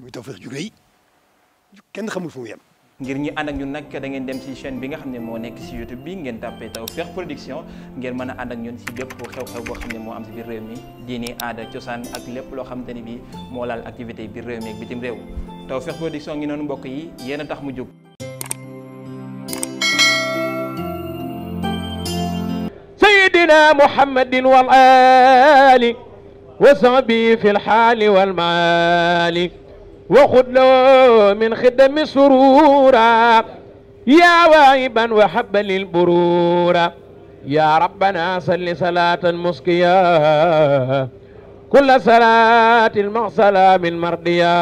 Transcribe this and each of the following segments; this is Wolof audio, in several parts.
muy Tawfekh ju rëy kenn xamul fu mu ngir ñi ànd ak ñun nag da dem ci chain bi nga xam ne moo nekk ci YouTube bi ngeen tàppee Tawfekh Production ngeen mën a ànd ak ñun ci bépp xew-xew boo xam ne moo am ci biir réew mi diini aada cosaan ak lépp loo xamante ni bi moo laal activité biir réew mi ak bitim réew Tawfekh Production ngi noonu mbokk yi yéen a tax mu jóg. Seydina Muhammadin wal aali wa sahbihi fil haali wal maali وخذ له من خدم سرورا يا واهبا وحبا للبرورا يا ربنا صل صلاة مسقيا كل صلاة مع سلام مرضيا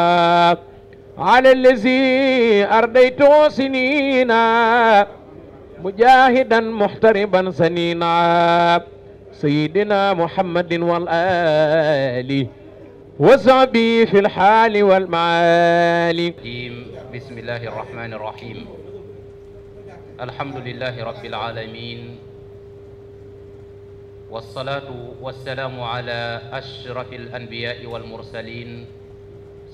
على الذي أرديت سنينا مجاهدا محتربا سنينا سيدنا محمد والآله وصعبي في الحال والمعالي بسم الله الرحمن الرحيم الحمد لله رب العالمين والصلاة والسلام على أشرف الأنبياء والمرسلين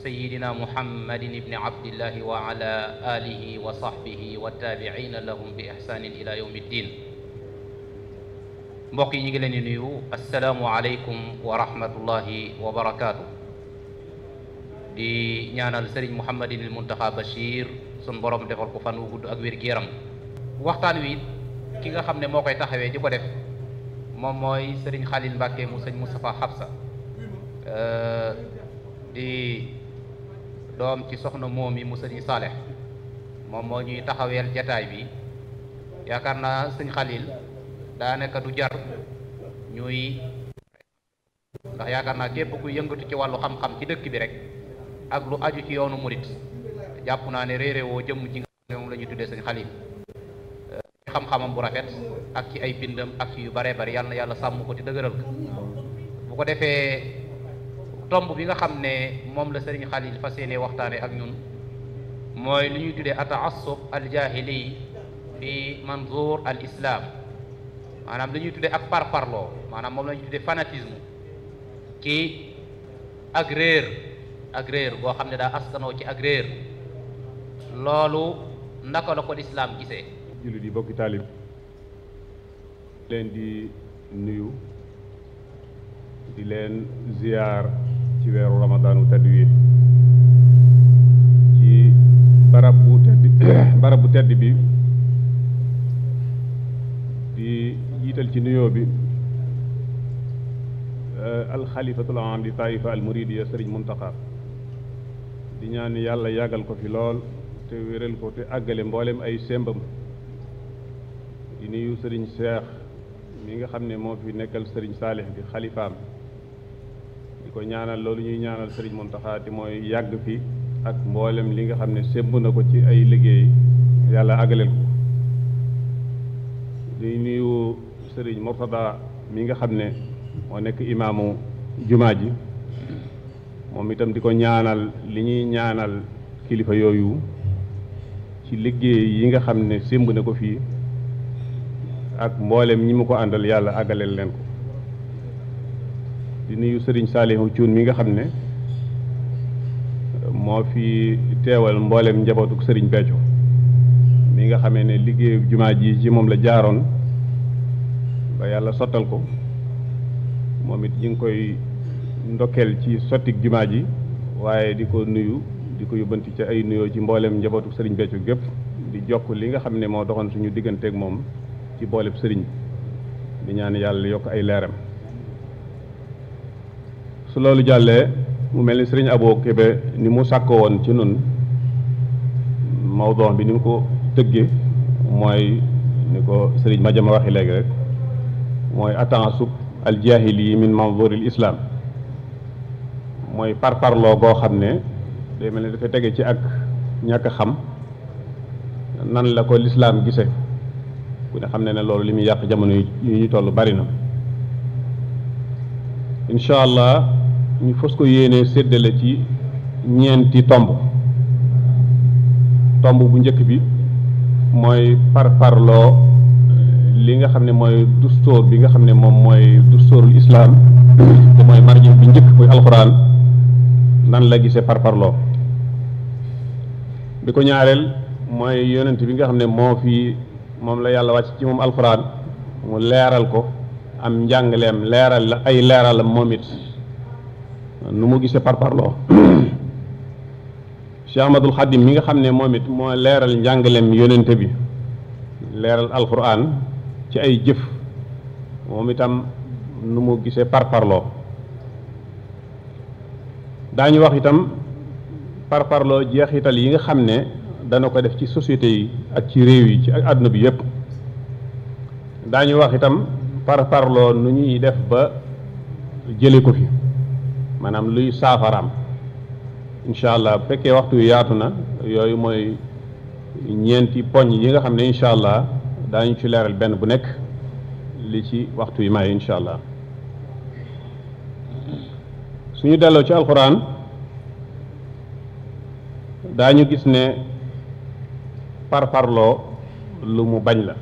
سيدنا محمد بن عبد الله وعلى آله وصحبه والتابعين لهم بإحسان إلى يوم الدين mbokk yi ñu ngi leen di nuyu asalaamualeykum wa rahmatullahi wa barakaatu di ñaanal Serigne Mouhamadinil Mountakha Bachir suñ boroomu defal ko fan wu gudd ak wér gu yaram waxtaan wi ki nga xam ne moo koy taxawee di ko def moom mooy Serigne Khalil Mbacke mu sëñ Moustapha Xabsa euh, di doom ci soxna moom yi mu sëñ Saleh moom moo ñuy taxaweel jataay bi yaakaar naa sëñ Khalil daanaka du jar ñuy ndax yaakaar naa képp ku yëngatu ci wàllu xam-xam ci dëkk bi rek. ak lu aju ci yoonu murit jàpp naa ne réeré woo jëmm ci nga xam ne moom la ñu tuddee sëñ Xalil xam bu ak ci ay bindam ak yu baree bari yàlla na yàlla sàmm ko ci dëgëral ko defee tomb bi nga xam ne moom la sëriñ Xalil fas yéene waxtaane ak ñun mooy lu ñuy tuddee ataassub aljaahili fi manzour al islam maanaam lu ñuy tuddee ak parparloo maanaam moom la tuddee fanatisme ci ak réer ak réer boo xam ne daa askanoo ci ak loolu naka la ko lislaam gisee jullit yi bokki taalib leen di nuyu di leen ziyaar ci weeru ramadaanu tedd wi ci barab bu tedd bi di jiital ci nuyoo bi euh, alxalifatul am di taifa al muridiya sëriñ di ñaan yàlla yàggal ko fi lool te wéral ko te àggale mboolem ay sembam di nuyu sëriñ Cheikh mi nga xam ne moo fi nekkal sëriñ Saalix bi xalifaam di ko ñaanal loolu ñuy ñaanal sëriñ Muntaxa te mooy yàgg fi ak mboolem li nga xam ne semb na ko ci ay liggéey yàlla àggaleel ko di nuyu sëriñ Murtada mi nga xam ne moo nekk imaamu jumaa ji moom itam di ko ñaanal li ñuy ñaanal kilifa yooyu ci liggéey yi nga xam ne sémb ne ko fii ak mboolem ñi mu ko àndal yàlla àggaleel leen ko di nuyu sëriñ Saalihu Cuun mi nga xam ne moo fi teewal mboolem njabootuk sëriñ Béthio mi nga xamee ne liggéey jumaa ji ci moom la jaaroon ba yàlla sottal ko moom it ñi ngi koy ndokkeel ci sottik jumaa ji waaye di ko nuyu di ko yóbbanti ci ay nuyoo ci mboolem njabootu sëriñ Béthio gépp di jokk li nga xam ne moo doxoon suñu digganteeg moom ci booleb sëriñ bi ñaan yàlla yokk ay leeram su loolu jàllee mu mel ni sëriñ Abo Kébé ni mu sàkkoo woon ci nun mawdon bi ni mu ko tëggee mooy ni ko sëriñ Madiama waxi léegi rek mooy attansub al yi min manzuril islaam mooy par parloo goo xam ne day mel ne dafa dege ci ak ñàkk xam nan la ko lislaam gise ku ne xam ne na loolu li muy yàq jamono yi ñu toll bari na incha allah ñu fas ko yéene seddale ci ñeenti tomb tomb bu njëkk bi mooy par parloo euh, li nga xam ne mooy dustóor bi nga xam ne moom mooy dustóorul islaam te mooy marji bi njëkk muy alxuraan nan la gisee parparloo bi ko ñaareel mooy yonent bi nga xam ne moo fi moom la yàlla wàcc ci moom alxuraan mu leeral ko am njàngaleem leeral la ay leeralam moom it nu mu gisee parparloo Cheikh Ahmadul Xadim mi nga xam ne moom it moo leeral njàngaleem yonent bi leeral alxuraan ci ay jëf moom itam nu mu gisee parparloo daañu wax itam par parloo jeexital yi nga xam ne dana ko def ci société yi ak ci réew yi ci ak àdduna bi yépp daañu wax itam par parloo nu ñuy def ba jële ko fi maanaam luy saafaraam incha allah bu fekkee waxtu wi yaatu na yooyu mooy ñeenti poñ yi nga xam ne incha allah daañu ci leeral benn bu nekk li ci waxtu yi may incha allah suñu delloo ci alxuraan ñu gis ne parparloo lu mu bañ la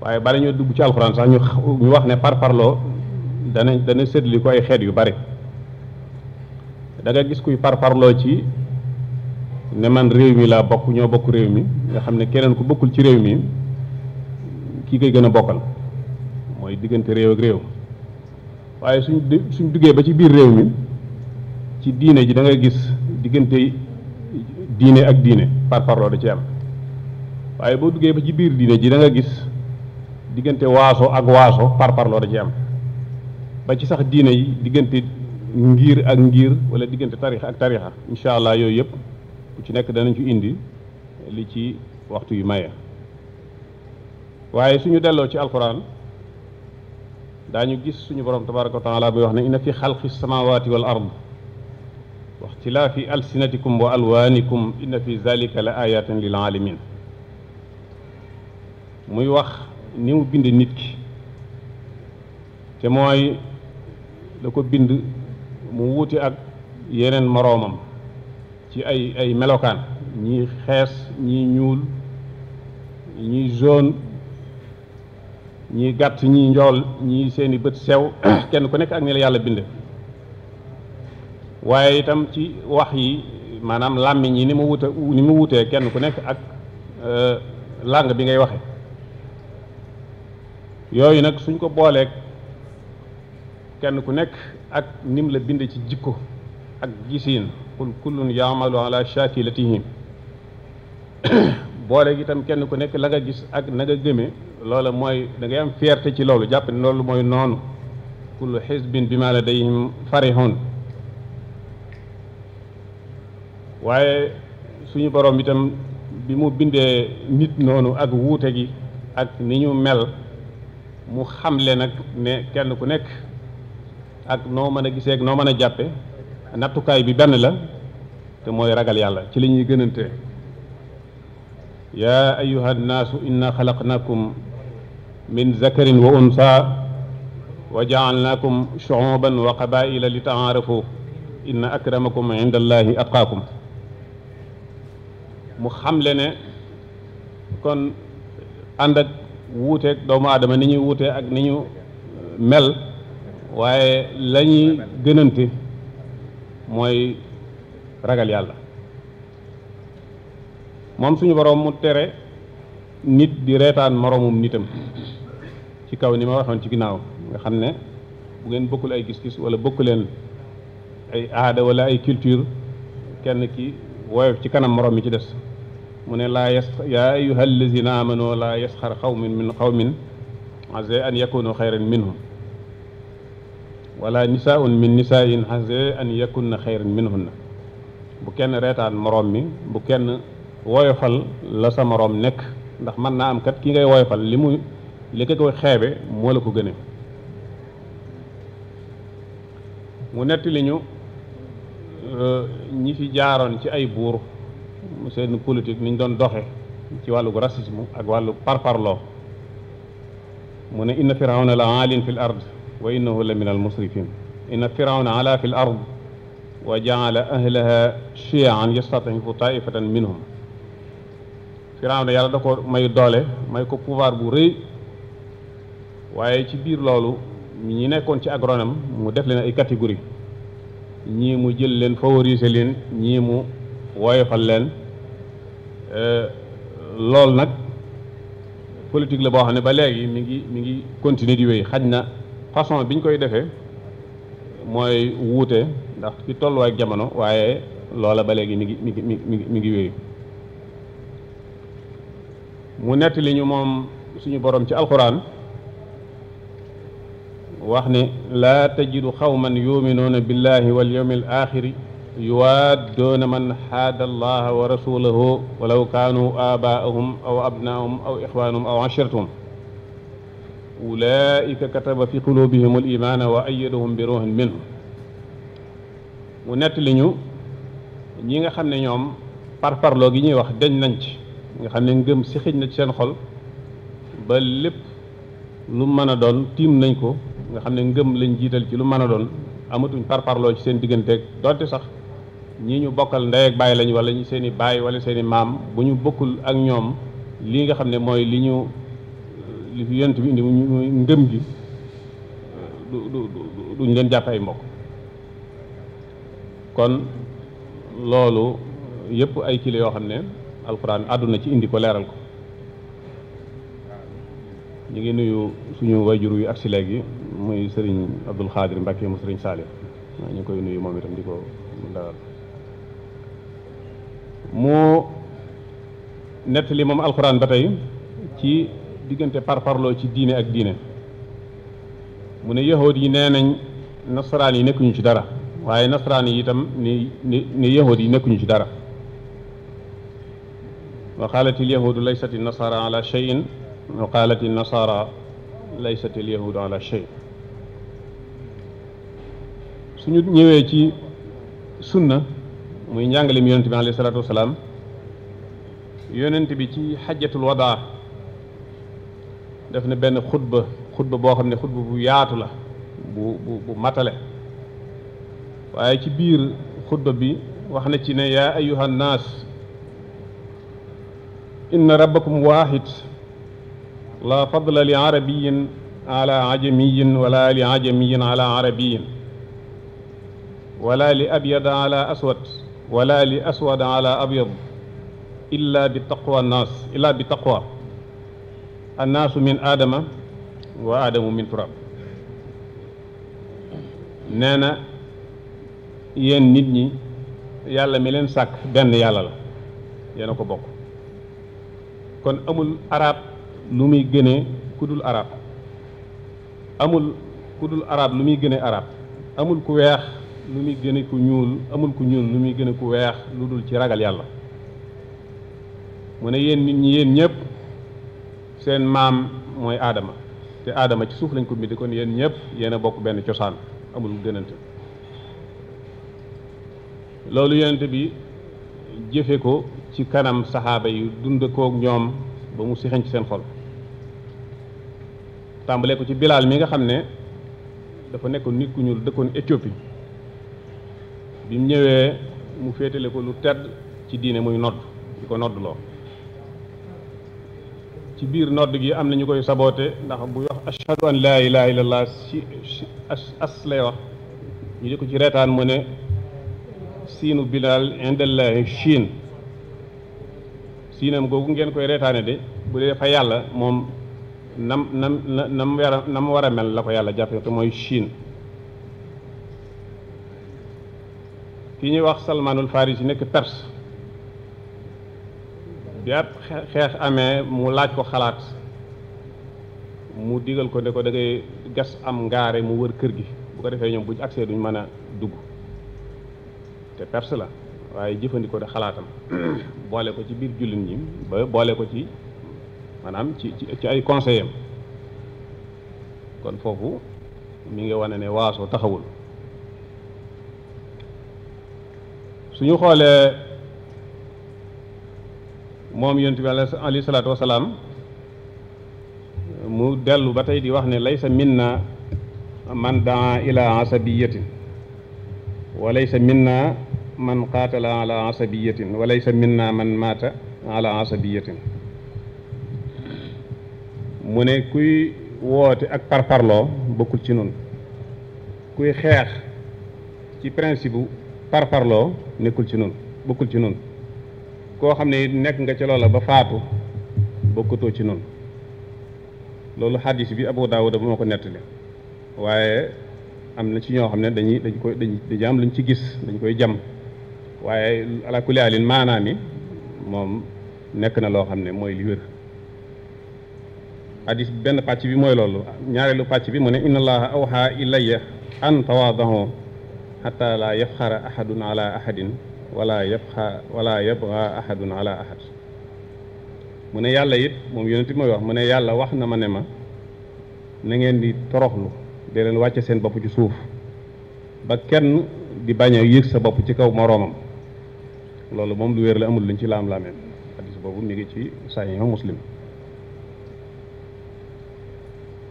waaye bala ñoo dugg ci alxuraan sax ñu ñu wax ne parparloo dana dana séddli ko ay xeet yu bari da gis kuy parparloo ci ne man réew mi laa bokk ñoo bokk réew mi nga xam ne keneen ku bokkul ci réew mi kii koy gën a bokkal mooy diggante réew réew waaye suñ suñ duggee ba ci biir réew mi ci diine ji da gis diggante diine ak diine par parloo da ci am waaye boo duggee ba ci biir diine ji da gis diggante waaso ak waaso par parloo da ci am ba ci sax diine yi diggante ngir ak ngiir wala diggante tarixa ak tarixa incha allah yooyu yëpp ku ci nekk danañ ci indi li ci waxtu yu maye waaye suñu delloo ci alquran ñu gis suñu borom tabaraka wa taala muy wax ne inna fi xalqi samawati wal ard wa ixtilaafi alsinatikum wa alwaanikum inna fi zalika la ayatin lil aalamin muy wax ni mu bind nit ki te mooy da ko bind mu wuute ak yeneen moroomam ci ay ay melokaan ñii xees ñii ñuul ñii jaune ñii gàtt ñii njool ñii seeni bët sew kenn ku nekk ak ni la yàlla bind waaye itam ci wax yi maanaam làmmiñ yi ni mu wute ni mu wutee kenn ku nekk ak euh, làng bi ngay waxe yooyu nag suñ ko booleek kenn ku nekk ak nim la bind ci jikko ak gisiin qul kullun yaamalu ala shakilatihi boole gi itam kenn ku nekk la nga gis ak na nga gëmee loola mooy da ngay am fierté ci loolu jàpp ne loolu mooy noonu kullu xisbin bi ma la dayhim farihun waaye suñu borom itam bi mu bindee nit noonu ak wuute gi ak ni ñu mel mu xam xamle nag ne kenn ku nekk ak noo mën a gisee ak noo mën a jàppe nattukaay bi benn la te mooy ragal yàlla ci li ñuy gënante يا أيها الناس إنا خلقناكم من ذكر وأنثى وجعلناكم شعوبا وقبائل لتعارفوا إن أكرمكم عند الله أتقاكم mu xamle ne kon ànd ak wuuteeg doomu aadama ni ñuy wuutee ak ni ñu uh, mel waaye la ñuy gënante mooy ragal yàlla moom suñu boroom mu tere nit di reetaan moroomum nitam ci kaw ni ma waxoon ci ginnaaw nga xam ne bu ngeen bokkul ay gis-gis wala bokku leen ay aada wala ay culture kenn ki woyof ci kanam moroom mi ci des mu ne laa yas yaa ayuha allazina amano laa yasxar xawmin min xawmin ase an yakunu xayran minhum wala nisaun min nisaain ase an yakunna xayran minhunna bu kenn reetaan moroom mi bu kenn woyofal la sa moroom nekk ndax man naa am ki ngay woyofal li mu li ko koy xeebe moo la ko gëne mu nettali ñu ñi fi jaaroon ci ay buur seen ni ñu doon doxe ci wàllu racisme ak wàllu parparloo mu ne inna firawna la aalin fi l ard wa innahu la min al musrifin inna firawna ala fi l ard wa jaala ahlaha chiaan yastatifu taifatan minhum Firawna yàlla da ko may doole may ko pouvoir bu rëy waaye ci biir loolu ñi nekkoon ci agronome mu def leen ay catégorie ñii mu jël leen favoriser leen ñii mu woyofal leen euh, loolu nag politique la boo xam ne ba léegi mi ngi mi ngi continuer di wéy xaj na façon bi ñu koy defee mooy wuute ndax ci tolluwaay jamono waaye loola ba léegi mi ngi mi ngi mi ngi mi ngi wéy mu nettali ñu moom suñu borom ci alquran wax ne laa tajidu xawman yuminuuna billahi wal yawmil axiri yuwaaddoona man xaada allaha wa rasulahu walaw kaanu aabaahum aw abnaahum aw ixwaanahum aw ashiratuhum ulaika kataba fi qulubihim al wa ayyadahum bi ruuhin minhu mu nettali ñu ñi nga xam ne ñoom parparloo gi ñuy wax deñ nañ ci nga xam ne ngëm si xëj na ci seen xol ba lépp lu mën a doon tiim nañ ko nga xam ne ngëm lañ jiital ci lu mën a doon amatuñ parparloo ci seen digganteeg donte sax ñii ñu bokkal ndey bàyyi lañu wala ñu seeni i bàyyi wala seeni maam bu ñu bokkul ak ñoom lii nga xam ne mooy li ñu li fi yonent bi indi ngëm gi du du duñ leen jàpp ay mbokk kon loolu yëpp ay kilo yoo xam ne alxuraan àdduna ci indi ko leeral ko ñu ngi nuyu suñu wayjur yu ak si léegi muy sëriñ Abdul Xaadir Mbàkke mu sëriñ Saalif ñu ngi koy nuyu moom itam di ko dalal mu nettali moom alxuraan ba tey ci diggante parparloo ci diine ak diine mu ne yahood yi nee nañ nasaraan yi nekkuñu ci dara waaye nasaraan yi itam ni ni ni yahood yi nekkuñu ci dara wa qaalat ilyahuudu laysat ilnasaara ala cheyin wa qaalat ilnasaara laysat ilyahuudu ala cheyin suñu ñëwee ci sunna muy njàngalem yonent bi alayhi salaatu yonent bi ci xajjatul wadaa def na benn xutba xutba boo xam ne xutba bu yaatu la bu bu bu matale waaye ci biir xutba bi wax na ci ne yaa ayuha inna rabbakum waahid laa fadla li arabiyin ala ajamiyin wala li ajamiyin ala arabiyin wala li abyad ala aswad wala li aswad ala abyad illa bi taqwa annaas illa bi taqwa annaasu min aadama wa aadamu min turab nee na yéen nit ñi yàlla mi leen sàkk benn yàlla la yéen a ko bokk kon amul arab lu muy gënee ku dul arab amul ku dul arab lu muy gënee arab amul ku weex lu muy gëne ku ñuul amul ku ñuul lu muy gëne ku weex lu dul ci ragal yàlla mu ne yéen nit ñi yéen ñëpp seen maam mooy aadama te aadama ci suuf lañ ko bindee kon yéen ñëpp yéen a bokk benn cosaan amul gënante loolu yonente bi jëfe ko ci kanam saxaaba yi dund kook ñoom ba mu sixañ ci seen xol tàmbale ko ci bilaal mi nga xam ne dafa nekkoon nit ku ñuul dëkkoon Éthiopie bi mu ñëwee mu féetale ko lu tedd ci diine muy nodd di ko nodd loo ci biir nodd gi am na ñu koy saboote ndax bu wax ashhadu an laa ilaaha illallah si as lay wax ñu di ko ci reetaan mu ne siinu bilaal indallaahi chiin siinam googu ngeen koy reetaane de bu dee fa yàlla moom nam na nam na mu war a mel la ko yàlla jàppe te mooy Chine ki ñuy wax Salmanul Farisi nekk Perse bi ab xeex amee mu laaj ko xalaat mu digal ko ne ko da ngay gas am ngaare mu wër kër gi bu ko defee ñoom bu ñu agsee duñ mën a dugg te Perse la waaye jëfandikoo de xalaatam hmm. boole ko ci biir jullit ñi ba boole ko ci maanaam ci ci ay conseillers kon foofu mi ngi wane ne waaso taxawul suñu xoolee moom yonent bi alayhi salaatu wasalaam mu dellu ba tey di wax ne laysa minna man daa ila asabiyatin man qaatala ala asabiyatin wa laysa minna man maata ala asabiyatin mu ne kuy woote ak parparloo bokkul ci nun kuy xeex ci principe bu parparloo nekkul ci nun bokkul ci nun koo xam ne nekk nga ci loola ba faatu bokkutoo ci nun loolu xadis bi Abu Daawuda moo ko nettali waaye am na ci ñoo xam ne dañuy dañ koy dañ am ci gis dañ koy jam waaye ala kulli alin maanaam moom nekk na loo xam ne mooy li wér hadis benn pàcc bi mooy loolu ñaareelu pàcc bi mu ne inna allaha awxa ilayya an tawaadahu xata laa yafxara ahadun ala ahadin wala yabxa mu ne yàlla yit moom yonent bi mooy wax mu ne yàlla wax na ma ne ma na ngeen di toroxlu dee leen wàcce seen bopp ci suuf ba kenn di bañ a sa bopp ci kaw moroomam loolu moom lu wér la amul luñ ci laam-laamee hadis boobu mi ngi ci sahiha muslim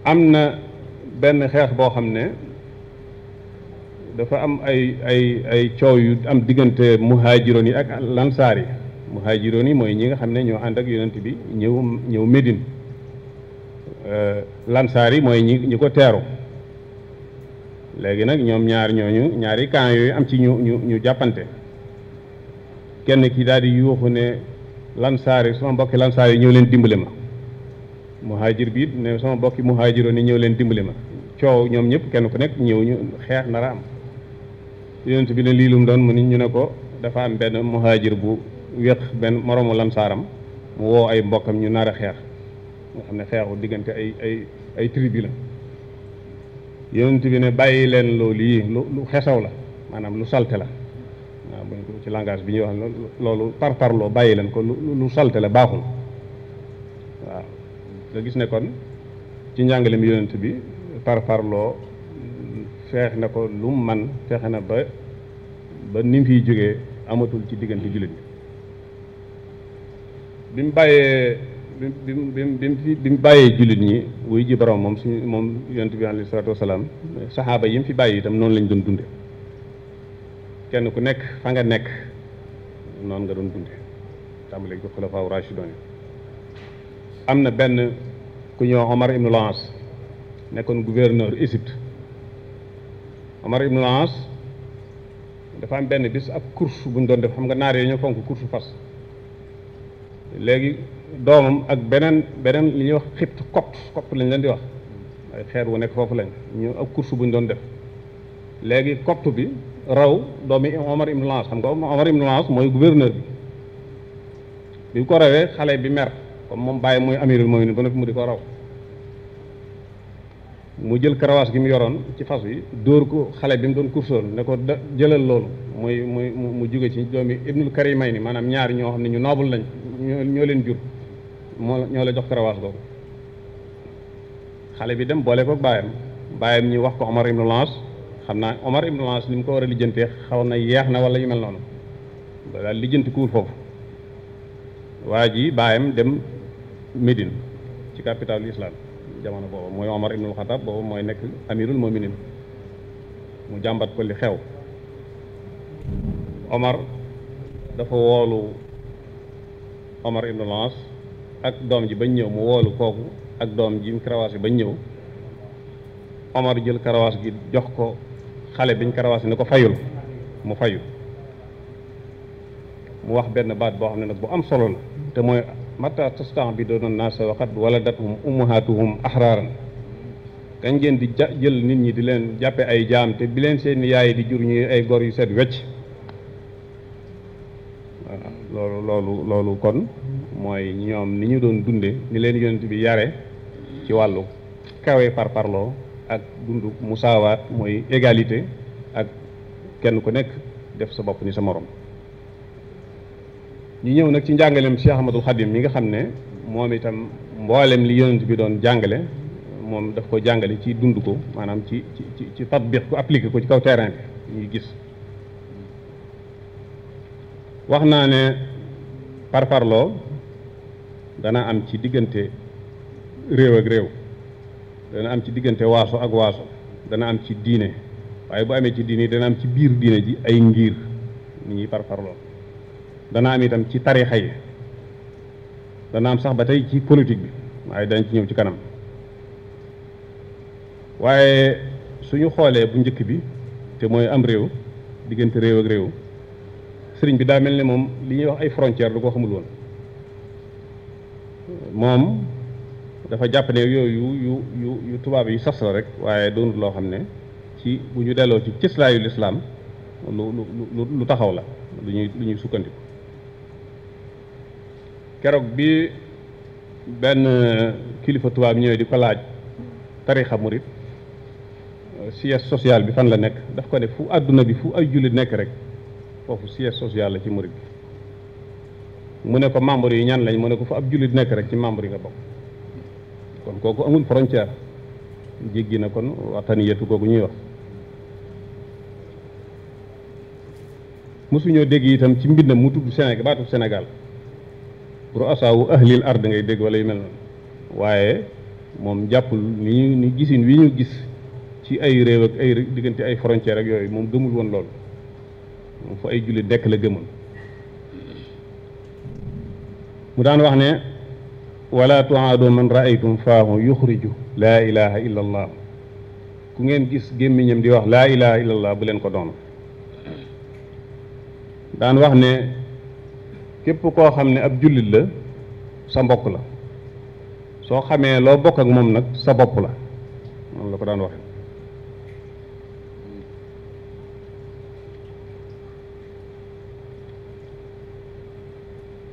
am na benn xeex boo xam ne dafa am ay ay ay coow yu am diggante muhaajiroon yi ak lansaar yi muhaajiroon yi mooy ñi nga xam ne ñoo ànd ak yonent bi ñëw ñëw Médine euh, lansaar yi mooy ñi ñi ko teeru léegi nag ñoom ñaar ñooñu ñaari camp yooyu am ci ñu ñu ñu jàppante kenn ki daal di yuuxu ne lansaar yi sama mbokki lansaar yi ñëw leen dimbale ma muhaajir bi it ne sama mbokki muhaajiroo ni ñëw leen dimbali ma coow ñoom ñëpp kenn ko nekk ñëw ñu xeex nara am yonent bi ne lii lu doon mu ni ñu ne ko dafa am benn muhaajir bu wéq benn moroomu lansaaram mu woo ay mbokkam ñu nar a xeex nga xam ne xeexu diggante ay ay ay tribu la yonent bi ne bàyyi leen loolu yi lu lu xesaw la maanaam lu salte la waaw buñ ko ci langage bi ñuy wax loolu parparloo bàyyi leen ko lu lu salte la baaxul waaw nga gis ne kon ci njàngale mi yonent bi parparloo feex na ko lu man feexe na ba ba ni fiy jógee amatul ci diggante jullit bi mu bàyyee bi mu bi mu bi mu bàyyee jullit ñi wuy ji borom moom suñu moom yonent bi alayhi salaatu wasalaam saxaaba yi mu fi bàyyi itam noonu lañu doon dunde kenn ku nekk fa nga nekk noonu nga doon dunde tàmbalee ko xulafaaw rachidoon yi am na benn ku ñëw Omar ibnu Laas nekkoon gouverneur Égypte Omar ibnu Laas dafa am benn bis ab course bu ñu doon def xam nga naar yi ñoo fonk course fas léegi doomam ak beneen beneen li ñu wax xipt copt lañ leen di wax ay xeer wu nekk foofu lañ ñu ab course bu doon def léegi copt bi raw doomi Omar Ibn Lance xam nga Omar Ibn mooy gouverneur bi bi ko rawee xale bi mer comme moom bàyyi mooy amirul mooy ni ba noppi mu di ko raw mu jël karawaas gi mu yoroon ci fas wi dóor ko xale bi mu doon kursoon ne ko da jëlal loolu muy muy mu jóge ci doomi ibnul karimay ni maanaam ñaari ñoo xam ne ñu noobul lañ ñoo leen jur moo ñoo la jox karawaas googu xale bi dem boole ko bàyyam bàyyam ñi wax ko Omar Ibn xam naa Omar Ibn As ni mu ko war a lijjantee xaw na yeex na wala yu mel noonu da daal lijjanti kuur foofu waa ji baayam dem Médine ci capital islam jamono boobu mooy Omar Ibn Xatab boobu mooy mu jàmbat ko li xew Omar dafa woolu Omar ak doom ji bañ ñëw mu woolu kooku ak doom ji mu karawaas yi bañ ñëw Omar jël karawaas gi jox ko xale biñ karawaase ni ko fayul mu fayu mu wax benn baat boo xam ne nag bu am solo la te mooy mata tastan bi doon naasa waxat waladatuhum ummahatuhum axraaran kañ ngeen di ja jël nit ñi di leen jàppe ay jaam te bi leen seen yaay di jur ñuy ay gor yu set wecc loolu loolu loolu kon mooy ñoom ni ñu doon dunde ni leen yonent bi yare ci wàllu kawe parparloo ak dundu musaawaat mooy égalité ak kenn ku nekk def sa bopp ni sa moroom ñu ñëw nag ci njàngaleem Cheikh Ahmadul Xadim mi nga xam ne moom itam mboolem li yonent bi doon jàngale moom daf ko jàngale ci dund ko maanaam ci ci ci tatbiq ko appliqué ko ci kaw terrain bi ñuy gis wax naa ne parparloo dana am ci diggante réew ak réew dana am ci diggante waaso ak waaso dana am ci diine waaye bu amee ci diine dana am ci biir diine ji ay ngiir ni ñuy par parparloo dana am itam ci tarixa yi dana am sax ba tey ci politique bi waaye dañ ci ñëw ci kanam waaye suñu xoolee bu njëkk bi te mooy am réew diggante réew ak réew sëriñ bi daa mel ni moom li ñuy wax ay frontière du ko xamul woon moom dafa jàpp ne yooyu yu yu yu tubaab yi sas la rek waaye doonul loo xam ne ci bu ñu delloo ci cëslaayu lislaam lu lu lu taxaw la lu ñuy ñuy sukkandiku keroog bi benn kilifa tubaab ñëwee di ko laaj tarixa murit siège social bi fan la nekk daf ko ne fu àdduna bi fu ay jullit nekk rek foofu siège social la ci murit bi mu ne ko membre yi ñan lañ mu ne ko fu ab jullit nekk rek ci membre yi nga bokk kon kooku amul frontière jéggi na kon wataniyatu kooku ñuy wax mosuñoo dégg itam ci mbindam mu tudd Sénégal baatu Sénégal pour asaawu ahlil ard ngay dégg wala yu mel na waaye moom jàppul ni ni gisin wi ñu gis ci ay réew ak ay diggante ay frontière ak yooyu moom gëmul woon loolu moom ay jullit dekk la gëmoon mu daan wax ne wala doo man raaytum faahu yuxriju laa ilaha illa ku ngeen gis gémmiñam di wax laa ilaha illa allah bu leen ko doon daan wax ne képp koo xam ne ab jullit la sa mbokk la soo xamee loo bokk ak moom nag sa bopp la moom la daan waxe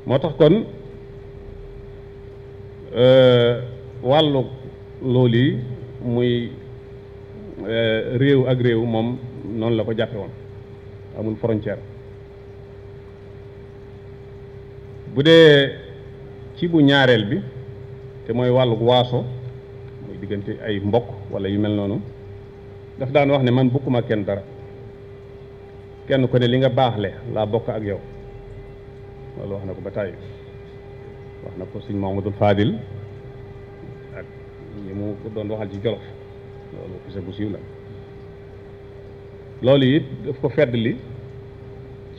moo tax kon Euh, wàllu loolu yi muy euh, réew ak réew moom noonu la ko jàppe woon amul frontière bu dee ci bu ñaareel bi te mooy wàllu waaso muy diggante ay mbokk walla yu mel noonu daf daan wax ne man bukkuma kenn dara kenn ku ne li nga baaxle laa bokk ak yow loolu wax na ko ba tàyyi wax na ko sëñ Mamadou Fadil ak ñi mu ko doon waxal ci jolof loolu kese bu siiw la loolu it daf ko li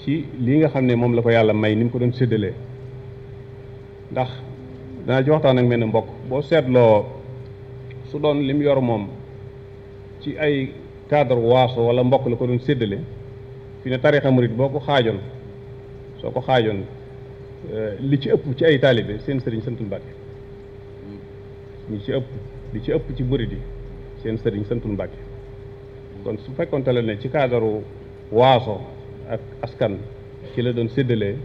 ci lii nga xam ne moom la ko yàlla may ni mu ko doon séddalee ndax danaa ci waxtaan ak mel ni mbokk boo seetloo su doon lim yor moom ci ay cadre waaso wala mbokk la ko doon séddale fi ne tarixa murit boo ko xaajoon soo ko xaajoon Euh, li ci ëpp ci ay taalibe seen sëriñ santul Mbàkke ñi ci ëpp li ci ëpp ci murid yi seen sëriñ santul Mbàkke kon su fekkonte la ne ci kaadaru waaso ak askan ci la doon séddalee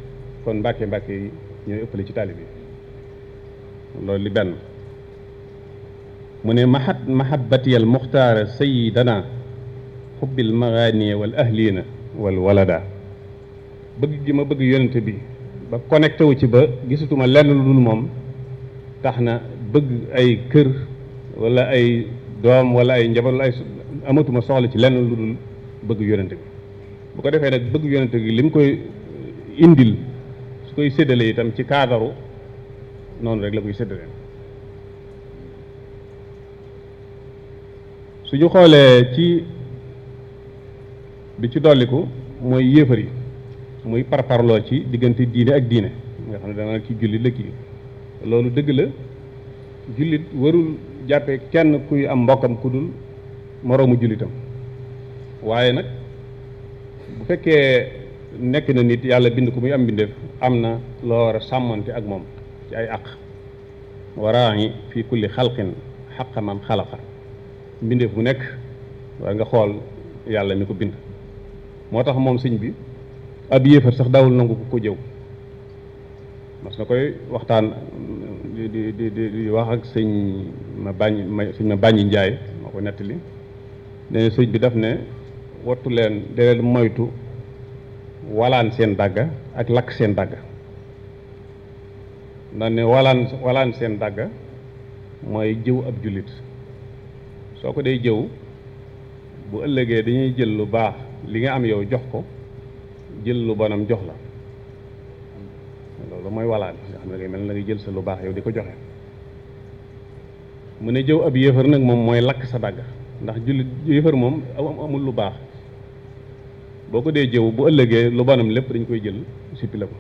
kon Mbàkke Mbàkke yi ñooy ëppale ci taalibe yi loolu li benn mu ne mahat mahabbatiyal muxtaara sayidana xubbil magaani wal ahliina wal walada bëgg gi ma bëgg yonente bi ba connecté wu ci ba gisatuma lenn lu dul moom tax na bëgg ay kër wala ay doom wala ay njaboot ay amatuma soxla ci lenn lu dul bëgg yonente bi bu ko defee nag bëgg yonente bi li mu koy euh, indil su koy séddale itam ci kaadaru noonu rek la koy séddalee suñu xoolee ci bi ci dolliku mooy yéefar yi muy parparloo ci diggante diine ak diine nga xam ne dana ki jullit la kii loolu dëgg la jullit warul jàppee kenn kuy am mbokkam ku dul moroomu jullitam waaye nag bu fekkee nekk na nit yàlla bind ko muy am mbindeef am na loo war a sàmmante ak moom ci ay àq waraañi fii kulli xalqin xaqa man xalaqa bu nekk war nga xool yàlla mi ko bind moo tax moom sëñ bi ab yéefar sax daawul nangu ko ko jëw mas na koy waxtaan di di di di wax ak sëñ ma sëñ ma bàññi njaay moo ko nettali nee sëñ bi daf ne wattu leen de leen moytu walaan seen dàgga ak lakk seen dàgga ndax ne walaan walaan seen dàgga mooy jëw ab jullit soo ko dee jëw bu ëllëgee dañuy jël lu baax li nga am yow jox ko jël lu bonam jox la loolu mooy walaan nga xam ne day mel na nga jël sa lu baax yow di ko joxe mu ne jëw ab yéefar nag moom mooy lakk sa dàgg ndax jullit yéefar moom amul lu baax boo ko dee jëw bu ëllëgee lu bonam lépp dañ koy jël sippi la ko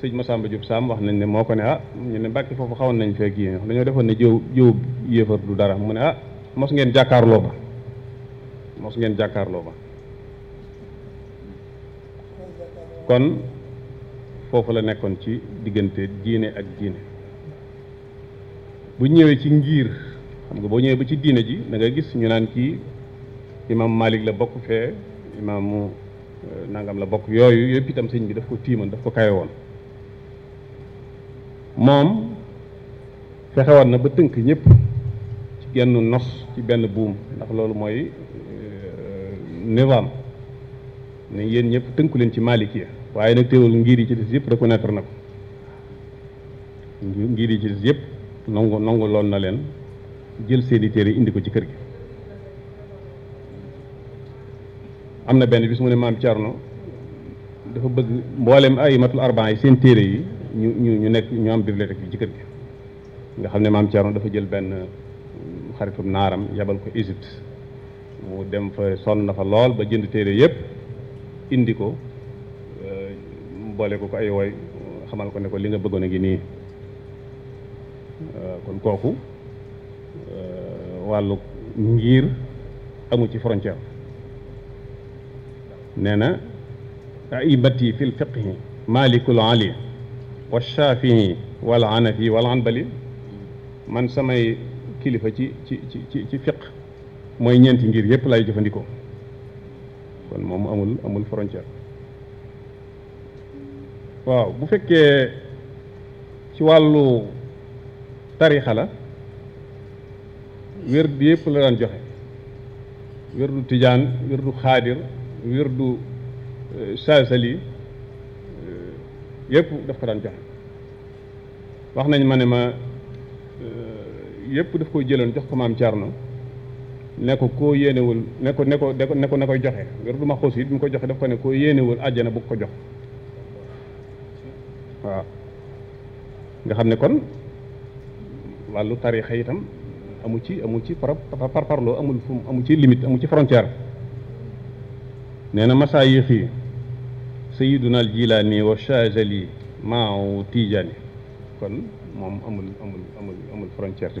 sëñ Masamba jub Sam wax nañ ne moo ko ne ah ñu ne mbàkki foofu xawoon nañ fee kii dañoo defoon ne jëw jëw yéefar du dara mu ne ah mos ngeen jàkkaarloo ba mos ngeen jàkkaarloo ba kon foofu la nekkoon ci diggante diine ak diine bu ñëwee ci ngir xam nga boo ñëwee ba ci diine ji da nga gis ñu naan kii imaam Malik la bokk fee imaamu euh, nangam la bokk yooyu yëpp itam sëñ bi daf ko tiiman daf ko kayo woon moom fexewoon na ba tënk ñépp ci genn nos ci benn buum ndax loolu mooy euh, nizaam ne yéen ñëpp tënku leen ci malikiya waaye nag teewul ngir yi ci des yëpp reconnaître na ko ngir yi ci des yëpp nangu nangu loon na leen jël seeni téere indi ko ci kër gi am na benn bis mu ne maam Thierno dafa bëgg mboolem ay matul arbaa yi seen téere yi ñu ñu ñu nekk ñu am bibliothèque bi ci kër gi nga xam ne maam Thierno dafa jël benn xaritum naaram yabal ko Égypte mu dem fa sonn na fa lool ba jënd téere yëpp indi ko euh, boole ko ko ay woy xamal ko ne ko li nga bëggoona a ngi nii euh, kon kooku euh, wàllu ngir amu ci frontière nee na aibati fi lfiqhi malikul ali wa shafii wal anafi wal anbali man samay kilifa ci ci ci ci fiq mooy ñeenti ngir yépp lay jëfandikoo kon moom amul amul frontière waaw bu fekkee ci wàllu tarixa la wér bi yëpp la daan joxe wér du tijaan wér du xaadir wér du euh, saasali euh, yëpp daf ko daan joxe wax nañ ma ne ma euh, yëpp daf ko jëloon jox ko maam Thierno nekk ko koo yéenewul ne ko ne ko ne ko na koy joxe wérdu ma xuus yi bi mu ko joxe daf ko ne koo yéenewul àjjana bu ko jox waaw nga xam ne kon wàllu tarixa itam amu ci amu ci par par parloo amul fu amu ci limite amu ci frontière nee na masaayix yi sayiduna al jilaani wa chajali maaw tijaani kon moom amul amul amul amul frontière ci